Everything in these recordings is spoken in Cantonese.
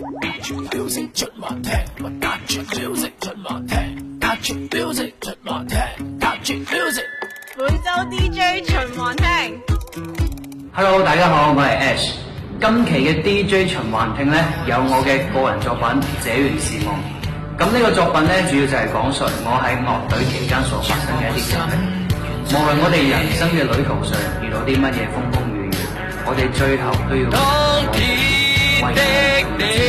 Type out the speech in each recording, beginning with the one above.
本周 DJ 循環聽。Hello，大家好，我係 Ash。今期嘅 DJ 循環聽呢，有我嘅個人作品《這園事夢》。咁、這、呢個作品呢，主要就係講述我喺樂隊期間所，所發生嘅一啲經歷。無論我哋人生嘅旅途上遇到啲乜嘢風風雨雨，我哋最後都要為我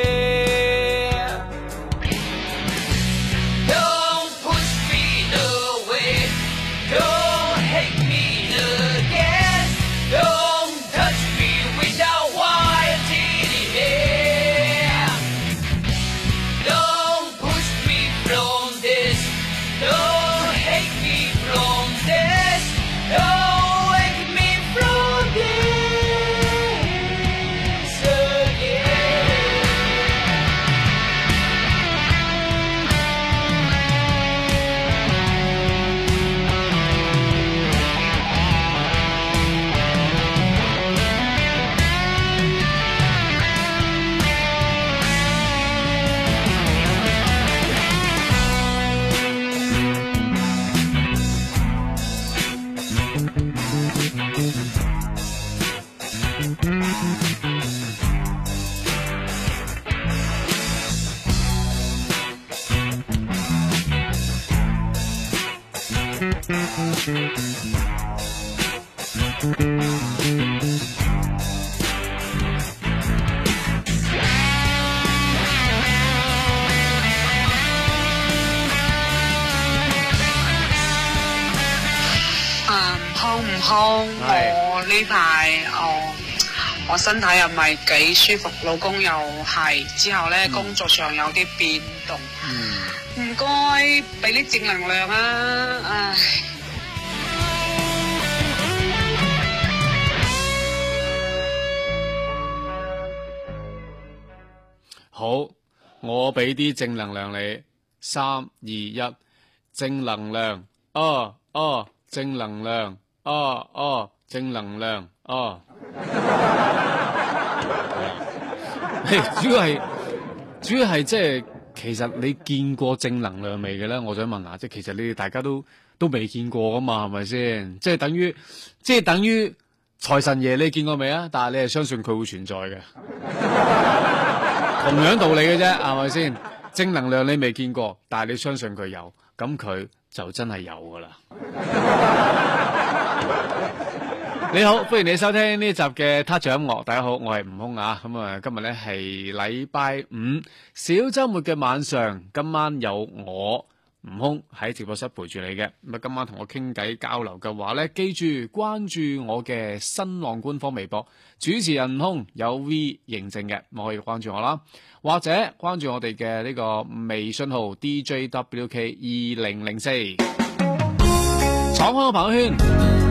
身體又唔係幾舒服，老公又係，之後呢，嗯、工作上有啲變動，唔該俾啲正能量啦，啊，好，我俾啲正能量你，三二一，正能量，哦哦，正能量，哦哦，正能量，哦。哦 主要係，主要係即係，其實你見過正能量未嘅咧？我想問下，即係其實你哋大家都都未見過噶嘛？係咪先？即係等於，即係等於財神爺你見過未啊？但係你係相信佢會存在嘅， 同樣道理嘅啫，係咪先？正能量你未見過，但係你相信佢有，咁佢就真係有噶啦。 你好，歡迎你收聽呢集嘅 Touch 音樂。大家好，我係悟空啊！咁啊，今日呢係禮拜五小周末嘅晚上，今晚有我悟空喺直播室陪住你嘅。咁啊，今晚同我傾偈交流嘅話呢，記住關注我嘅新浪官方微博，主持人悟空有 V 認證嘅，可以關注我啦，或者關注我哋嘅呢個微信號 DJWK 二零零四，闖開朋友圈。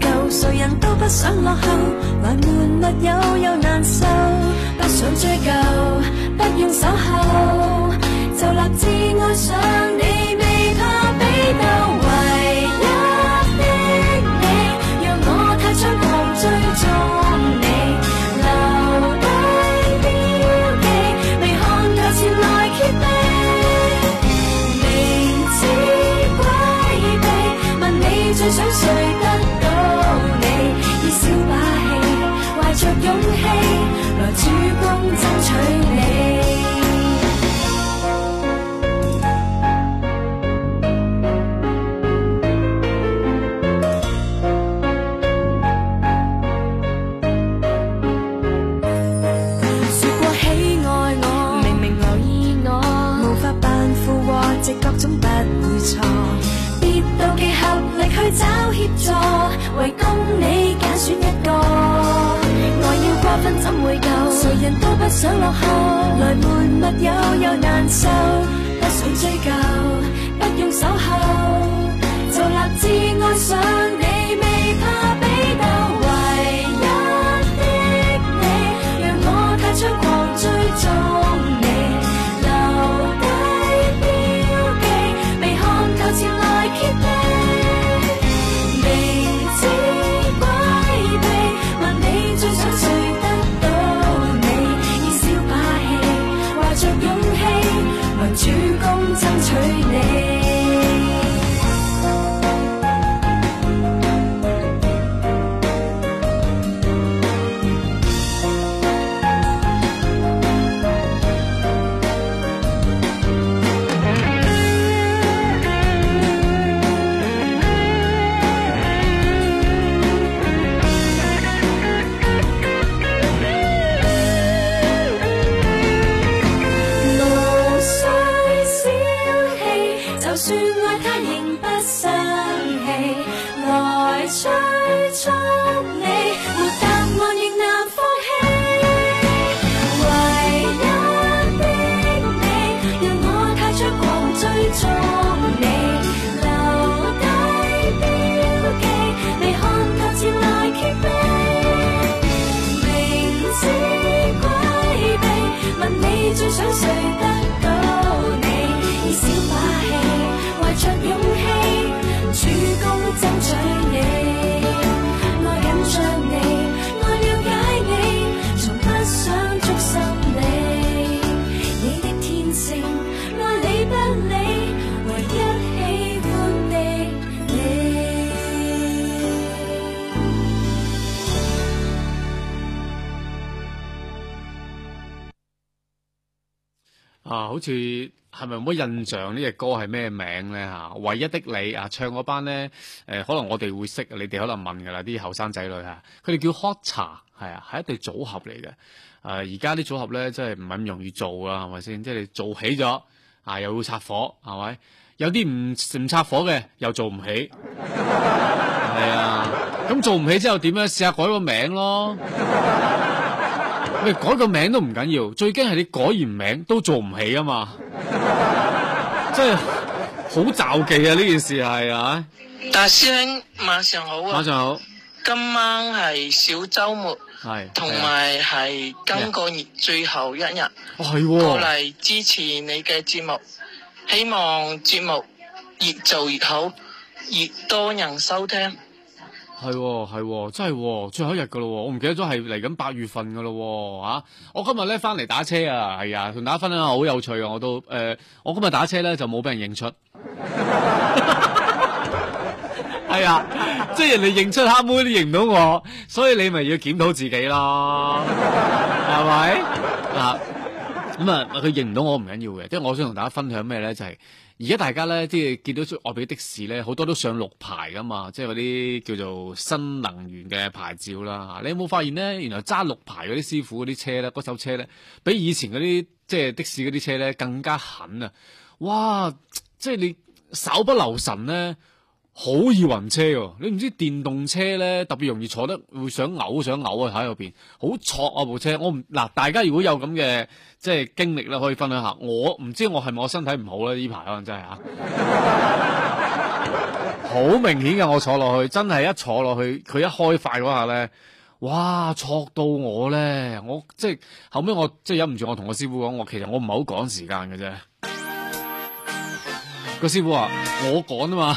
誰人都不想落後，來沒密友又難受，不想追究，不用守候，就立志愛上你，未怕比鬥。勇氣來，主動爭取你。想落後來悶密友又難受，不想追究，不用守候，就立志愛上。好似係咪冇乜印象呢隻歌係咩名咧嚇？唯一的你啊，唱嗰班咧、啊，可能我哋會識，你哋可能問噶啦，啲後生仔女嚇，佢哋叫 HotCha 係啊，係、啊、一隊組合嚟嘅。誒而家啲組合咧真係唔係咁容易做啦係咪先？即係你做起咗啊又要拆夥，係咪？有啲唔唔拆夥嘅又做唔起，係 啊。咁做唔起之後點樣試下改個名咯。改個名都唔緊要，最驚係你改完名都做唔起啊嘛，即係好罩忌啊！呢件事係啊，大師兄晚上好啊，晚上好，今晚係小周末，係同埋係今個月最後一日，係、啊、過嚟支持你嘅節目、哦啊，希望節目越做越好，越多人收聽。係，係，真係最後一日噶咯，我唔記得咗係嚟緊八月份噶咯，吓、啊！我今日咧翻嚟打車啊，係啊，同大家分享下啊，好有趣啊，我都，誒、呃，我今日打車咧就冇俾人認出，係 啊， 即係人哋認出黑妹都認唔到我，所以你咪要檢討自己咯，係 咪？嗱，咁啊，佢、啊、認唔到我唔緊要嘅，即係我想同大家分享咩咧，就係、是。而家大家咧，即係見到出外邊的士咧，好多都上綠牌噶嘛，即係嗰啲叫做新能源嘅牌照啦。你有冇發現咧？原來揸綠牌嗰啲師傅嗰啲車咧，嗰手車咧，比以前嗰啲即係的士嗰啲車咧更加狠啊！哇，即係你稍不留神咧。好易暈車喎，啊！你唔知電動車咧，特別容易坐得會想嘔，想嘔啊！喺入邊好挫啊！部車我唔嗱，大家如果有咁嘅即係經歷咧，可以分享一下。我唔知我係咪我身體唔好咧？呢排可能真係吓，好、啊、 明顯嘅。我坐落去真係一坐落去，佢一開快嗰下咧，哇！挫到我咧，我即係後尾我即係忍唔住我，我同我師傅講，我其實我唔係好趕時間嘅啫。個 師傅話：我趕啊嘛！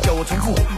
叫我重複。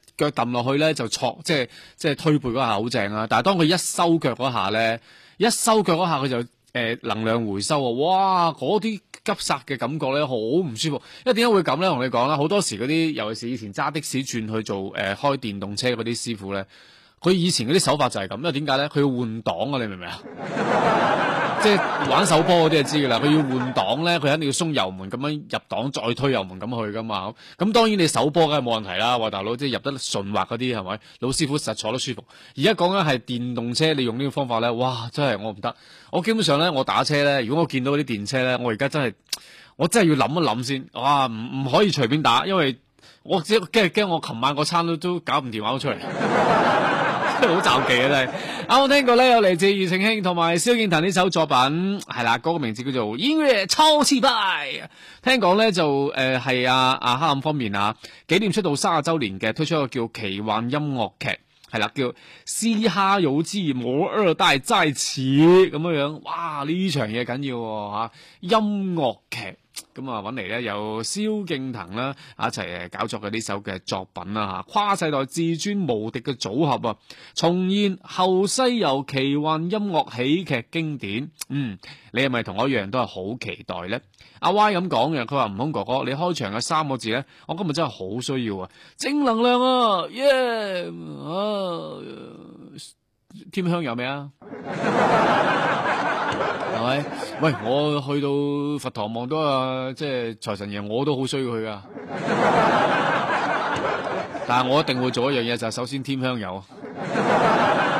腳抌落去咧就挫，即係即係推背嗰下好正啊。但係當佢一收腳嗰下咧，一收腳嗰下佢就誒、呃、能量回收啊！哇，嗰啲急剎嘅感覺咧好唔舒服。因爲點解會咁咧？同你講啦，好多時嗰啲尤其是以前揸的士轉去做誒、呃、開電動車嗰啲師傅咧，佢以前嗰啲手法就係咁。因爲點解咧？佢要換擋啊！你明唔明啊？ 即係玩手波嗰啲就知噶啦，佢要換擋咧，佢肯定要鬆油門咁樣入檔，再推油門咁去噶嘛。咁當然你手波梗係冇問題啦，喂，大佬，即係入得順滑嗰啲係咪？老師傅實坐都舒服。而家講緊係電動車，你用呢個方法咧，哇，真係我唔得。我基本上咧，我打車咧，如果我見到啲電車咧，我而家真係，我真係要諗一諗先。哇，唔唔可以隨便打，因為我即係驚驚我琴晚嗰餐都都搞唔掂話出嚟。 好就奇啊！真係啱我聽過咧，有嚟自庾澄慶同埋蕭敬騰呢首作品，係啦，嗰個名字叫做《音樂超次敗》。聽講咧就誒係、呃、啊阿哈林方面啊，紀念出道三十周年嘅推出一個叫奇幻音樂劇，係啦，叫《嘻哈有之我而代哉似咁樣樣。哇！呢場嘢緊要吓、啊啊、音樂劇。咁啊，搵嚟咧，有蕭敬騰啦，一齊誒，搞作嘅呢首嘅作品啦，吓跨世代至尊無敵嘅組合啊，重現《後西遊奇幻音樂喜劇經典》。嗯，你係咪同我一樣都係好期待咧？阿、啊、Y 咁講嘅，佢話悟空哥哥，你開場嘅三個字咧，我今日真係好需要啊，正能量啊，耶、yeah, 啊啊！添香有未啊？ 係咪？喂，我去到佛堂望到啊，即係財神爺，我都好需要佢噶。 但係我一定會做一樣嘢，就係、是、首先添香油。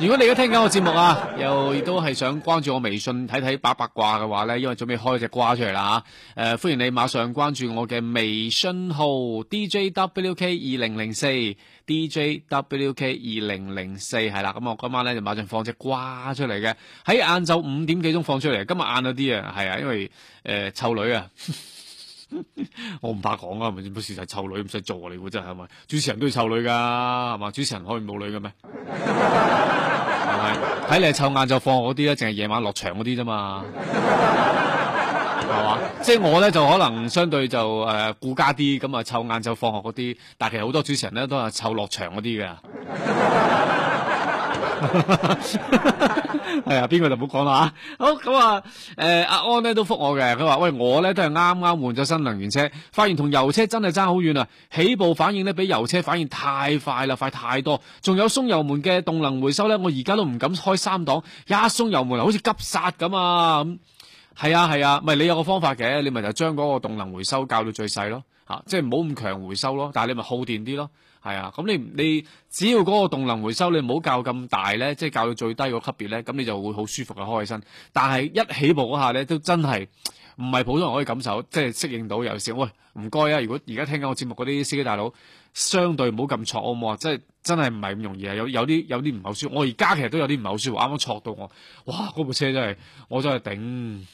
如果你而家聽緊我節目啊，又都係想關注我微信睇睇八八卦嘅話呢，因為準備開隻瓜出嚟啦吓。誒、呃，歡迎你馬上關注我嘅微信號 DJWK 二零零四 DJWK 二零零四係啦。咁我今晚呢就馬上放隻瓜出嚟嘅，喺晏晝五點幾鐘放出嚟。今日晏咗啲啊，係啊，因為誒、呃、湊女啊。 我唔怕講啊，咪先，乜事就係湊女唔使做啊，你估真係咪？主持人都要湊女噶，係嘛？主持人可以冇女嘅咩？係 咪？睇你係湊晏就放學嗰啲咧，淨係夜晚落場嗰啲啫嘛？係 嘛？即係我咧就可能相對就誒顧、呃、家啲，咁啊湊晏就放學嗰啲，但係其實好多主持人咧都係湊落場嗰啲嘅。 係啊，邊個就唔好講啦吓。好咁、嗯、啊，誒，阿安呢都覆我嘅，佢話喂，我呢都係啱啱換咗新能源車，發現同油車真係爭好遠啊！起步反應呢比油車反應太快啦，快太多。仲有鬆油門嘅動能回收呢，我而家都唔敢開三檔，一鬆油門好似急剎咁啊咁。係啊係啊，咪、啊、你有個方法嘅，你咪就將嗰個動能回收校到最細咯，吓、啊，即係唔好咁強回收咯，但係你咪耗電啲咯。係啊，咁你你只要嗰個動能回收，你唔好教咁大咧，即係教到最低個級別咧，咁你就會好舒服嘅開起身。但係一起步嗰下咧，都真係唔係普通人可以感受，即係適應到有時。喂，唔該啊！如果而家聽緊我節目嗰啲司機大佬，相對唔好咁挫我嘛，即係真係唔係咁容易啊！有有啲有啲唔好舒，我而家其實都有啲唔係好舒服，啱啱挫到我，哇！嗰部車真係，我真係頂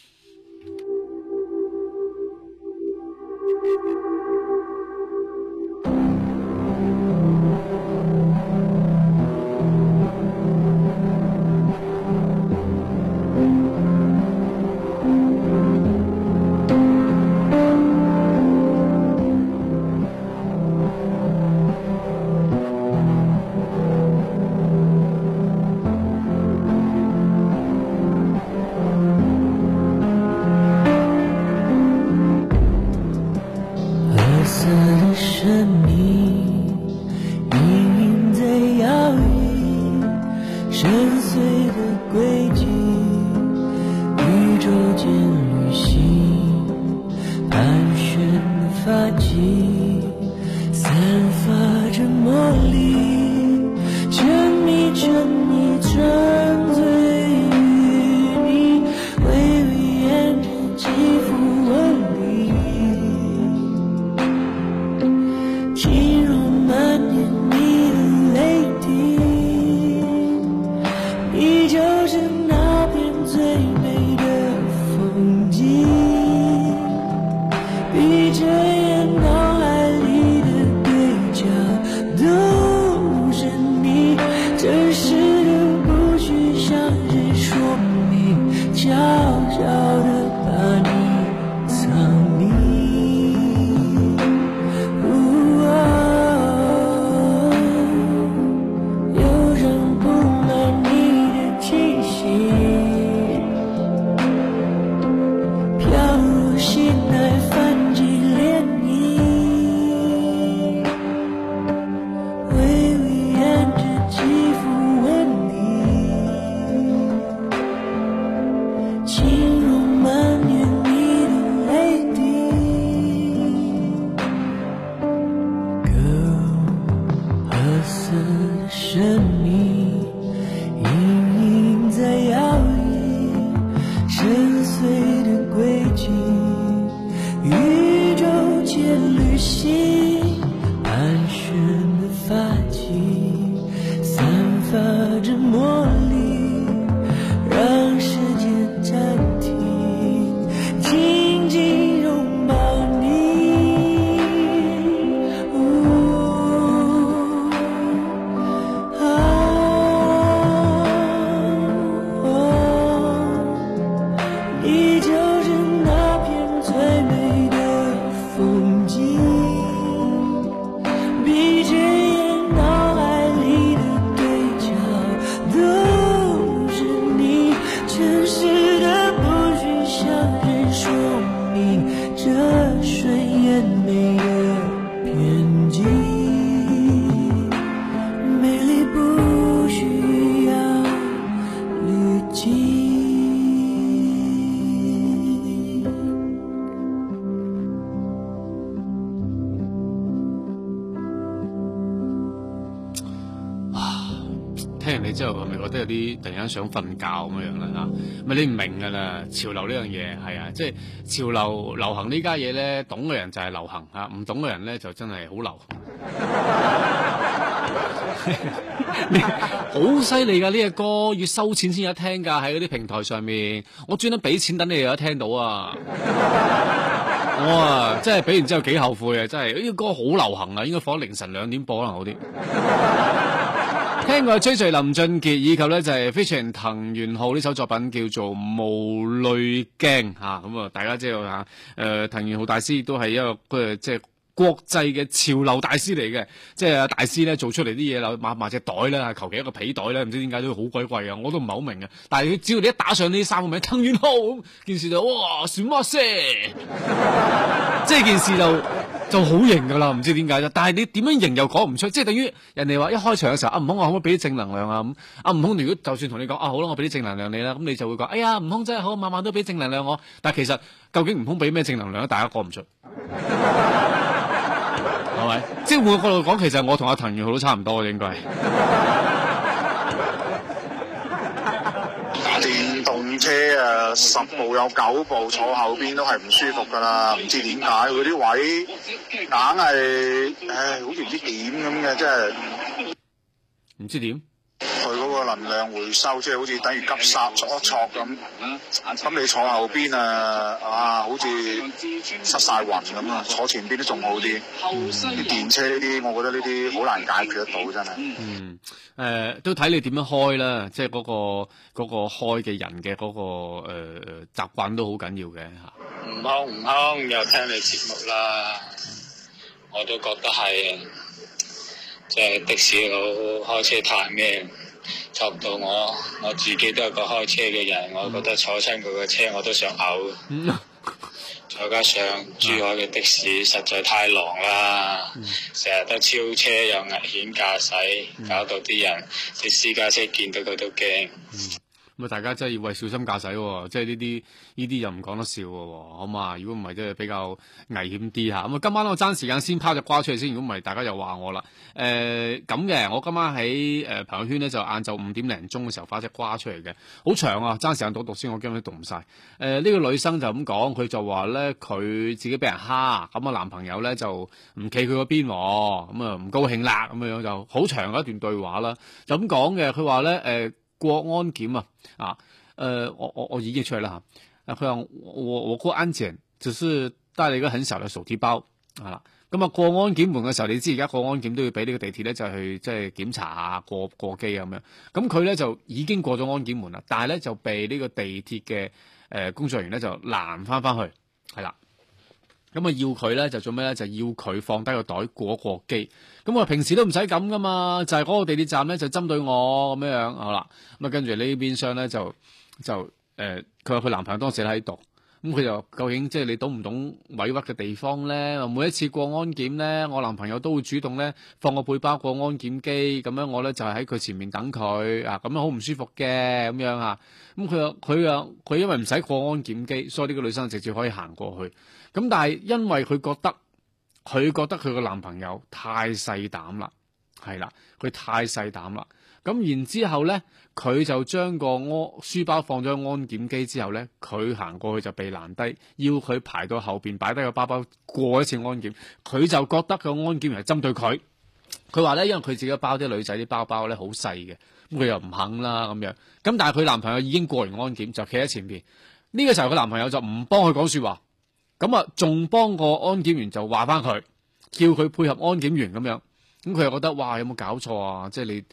想瞓覺咁樣樣啦，咪、啊、你唔明噶啦？潮流呢樣嘢係啊，即係潮流流行這家呢家嘢咧，懂嘅人就係流行啊，唔懂嘅人咧就真係好流行。好犀利噶呢隻歌，要收錢先有得聽噶，喺嗰啲平台上面，我專登俾錢等你有得聽到啊！ 我啊，即係俾完之後幾後悔啊！真係，呢、這個、歌好流行啊，應該放喺凌晨兩點播可能好啲。 另外追隨林俊傑，以及咧就係 fiction 藤原浩，呢首作品叫做《無淚鏡》吓，咁啊大家知道吓，誒、啊呃、藤原浩大師都係一個即係。國際嘅潮流大師嚟嘅，即係大師咧做出嚟啲嘢啦，抹抹隻袋咧，求其一個皮袋咧，唔知點解都好鬼貴呀。我都唔係好明嘅。但係只要你一打上呢三個名，吞元昊件事就哇，算乜先？ 即係件事就就好型㗎啦，唔知點解但係你點樣型又講唔出，即係等於人哋話一開場嘅時候，阿、啊、悟空我可唔可以俾啲正能量啊？咁阿悟空如果就算同你講啊，好啦，我俾啲正能量你啦、啊，咁你就會講，哎呀，悟空真係好，晚晚都俾正能量我、啊。但其實究竟悟空俾咩正能量、啊、大家講唔出。 即係換個角度講，其實我同阿滕雨豪都差唔多嘅，應該。電動車啊，十部有九部坐後邊都係唔舒服噶啦，唔知點解佢啲位硬係，唉，好似唔知點咁嘅，即係唔知點。佢嗰個能量回收，即係好似等於急剎挫挫咁，咁你坐後邊啊，啊、呃，好似失晒魂咁啊，坐前邊都仲好啲。嗯、電車呢啲，我覺得呢啲好難解決得到，真係。嗯，誒、呃，都睇你點樣開啦，即係嗰個嗰、那個、開嘅人嘅嗰、那個誒習慣都好緊要嘅嚇。悟空，悟空又聽你節目啦。我都覺得係。即、就、係、是、的士佬開車太咩，插到我。我自己都係個開車嘅人、嗯，我覺得坐親佢嘅車我都想嘔。再、嗯、加 上珠海嘅的，的士實在太狼啦，成、嗯、日都超車又危險駕駛，搞到啲人即、嗯、私家車見到佢都驚。咁、嗯、啊，大家真係要為小心駕駛喎、哦，即係呢啲。呢啲就唔講得笑嘅喎，好嘛，如果唔係真係比較危險啲嚇。咁啊，今晚我爭時間先拋隻瓜出嚟先，如果唔係大家又話我啦。誒咁嘅，我今晚喺朋友圈咧就晏晝五點零鐘嘅時候發隻瓜出嚟嘅，好長啊，爭時間讀讀先，我驚佢讀唔晒。呢、呃呢個女生就咁講，佢就話咧佢自己俾人蝦，咁啊男朋友咧就唔企佢嗰邊，咁啊唔高興啦，咁樣就好長一段對話啦，就咁講嘅。佢話咧誒過安檢啊，啊、呃、我我我演繹出嚟啦佢話我我，我安檢，就是帶你個很小嘅手提包，係啦。咁啊過安檢門嘅時候，你知而家過安檢都要俾呢個地鐵咧，就去即係檢查下過過機咁樣。咁佢咧就已經過咗安檢門啦，但係咧就被呢個地鐵嘅誒工作人員咧就攔翻翻去，係啦。咁啊要佢咧就做咩咧？就要佢放低個袋過過機。咁啊，平時都唔使咁噶嘛，就係、是、嗰個地鐵站咧就針對我咁樣樣，好啦。咁啊跟住呢邊廂咧就就。就誒、呃，佢話佢男朋友當時喺度，咁佢就究竟即係你懂唔懂委屈嘅地方咧？每一次過安檢咧，我男朋友都會主動咧放個背包過安檢機，咁樣我咧就係喺佢前面等佢，啊，咁樣好唔舒服嘅咁樣啊，咁佢話佢啊，佢因為唔使過安檢機，所以呢個女生直接可以行過去。咁但係因為佢覺得，佢覺得佢個男朋友太細膽啦，係啦，佢太細膽啦。咁然後之後呢，佢就將個柯書包放咗安檢機之後呢，佢行過去就被攔低，要佢排到後面擺低個包包過一次安檢。佢就覺得個安檢員係針對佢。佢話呢，因為佢自己包啲女仔啲包包呢好細嘅，咁佢又唔肯啦咁樣。咁但係佢男朋友已經過完安檢，就企喺前面。呢、這個時候，佢男朋友就唔幫佢講說話，咁啊，仲幫個安檢員就話翻佢，叫佢配合安檢員咁樣。咁佢又覺得哇，有冇搞錯啊？即係你。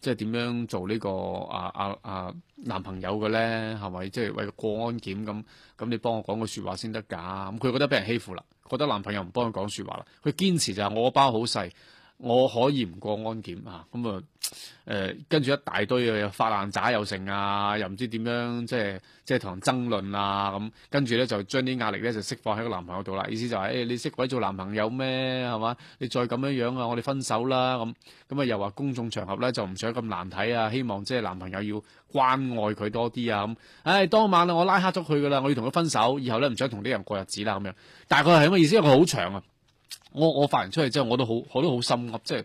即係點樣做呢個啊啊啊男朋友嘅咧係咪？即係為過安檢咁咁，你幫我講個說話先得㗎。咁佢覺得俾人欺負啦，覺得男朋友唔幫佢講說話啦，佢堅持就係、是、我包好細。我可以唔過安檢啊，咁、嗯、啊，跟、嗯、住一大堆又發爛渣又成啊，又唔知點樣即係即係同人爭論啊咁，跟住咧就將啲壓力咧就釋放喺個男朋友度啦。意思就係、是哎、你識鬼做男朋友咩？係嘛？你再咁樣樣啊，我哋分手啦咁。咁、嗯、啊、嗯嗯、又話公眾場合咧就唔想咁難睇啊，希望即係男朋友要關愛佢多啲啊咁。唉、嗯哎，當晚啦我拉黑咗佢噶啦，我要同佢分手，以後咧唔想同啲人過日子啦咁樣。大概係咁嘅意思，佢好長啊。我我發完出去之後，我都好我都好心噏，即係，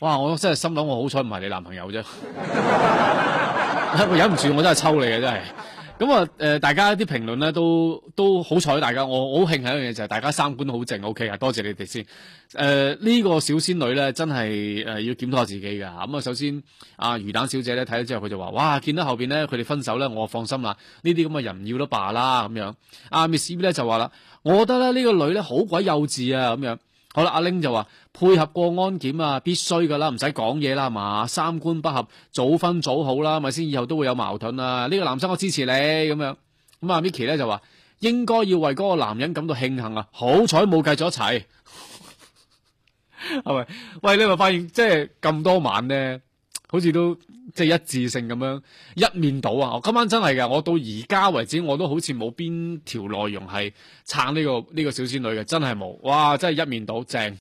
哇！我真係心諗，我好彩唔係你男朋友啫， 我忍唔住我真係抽你嘅真係。咁、嗯、啊，誒、呃，大家啲評論咧都都好彩，大家我好慶幸一樣嘢就係大家三觀好正，OK 啊，多謝你哋先。誒、呃，呢、這個小仙女咧，真係誒、呃、要檢討下自己㗎。咁、嗯、啊，首先阿、啊、魚蛋小姐咧睇咗之後，佢就話，哇，見到後面咧佢哋分手咧，我放心啦。呢啲咁嘅人唔要都罷啦咁樣。阿、啊、Miss、嗯啊、B 咧就話啦，我覺得咧呢、這個女咧好鬼幼稚啊咁樣。好啦，阿玲就話配合過安檢啊，必須噶啦，唔使講嘢啦嘛，三觀不合早分早好啦，咪先以後都會有矛盾啊。呢、呢個男生我支持你咁樣，咁、啊、阿 Micky 咧就話應該要為嗰個男人感到慶幸啊，幸好彩冇繼咗一齊，係 咪？喂，你咪發現即係咁多晚咧，好似都。即係一致性咁樣一面倒啊！我今晚真係嘅，我到而家為止我都好似冇邊條內容係撐呢個呢個小仙女嘅，真係冇，哇！真係一面倒，正。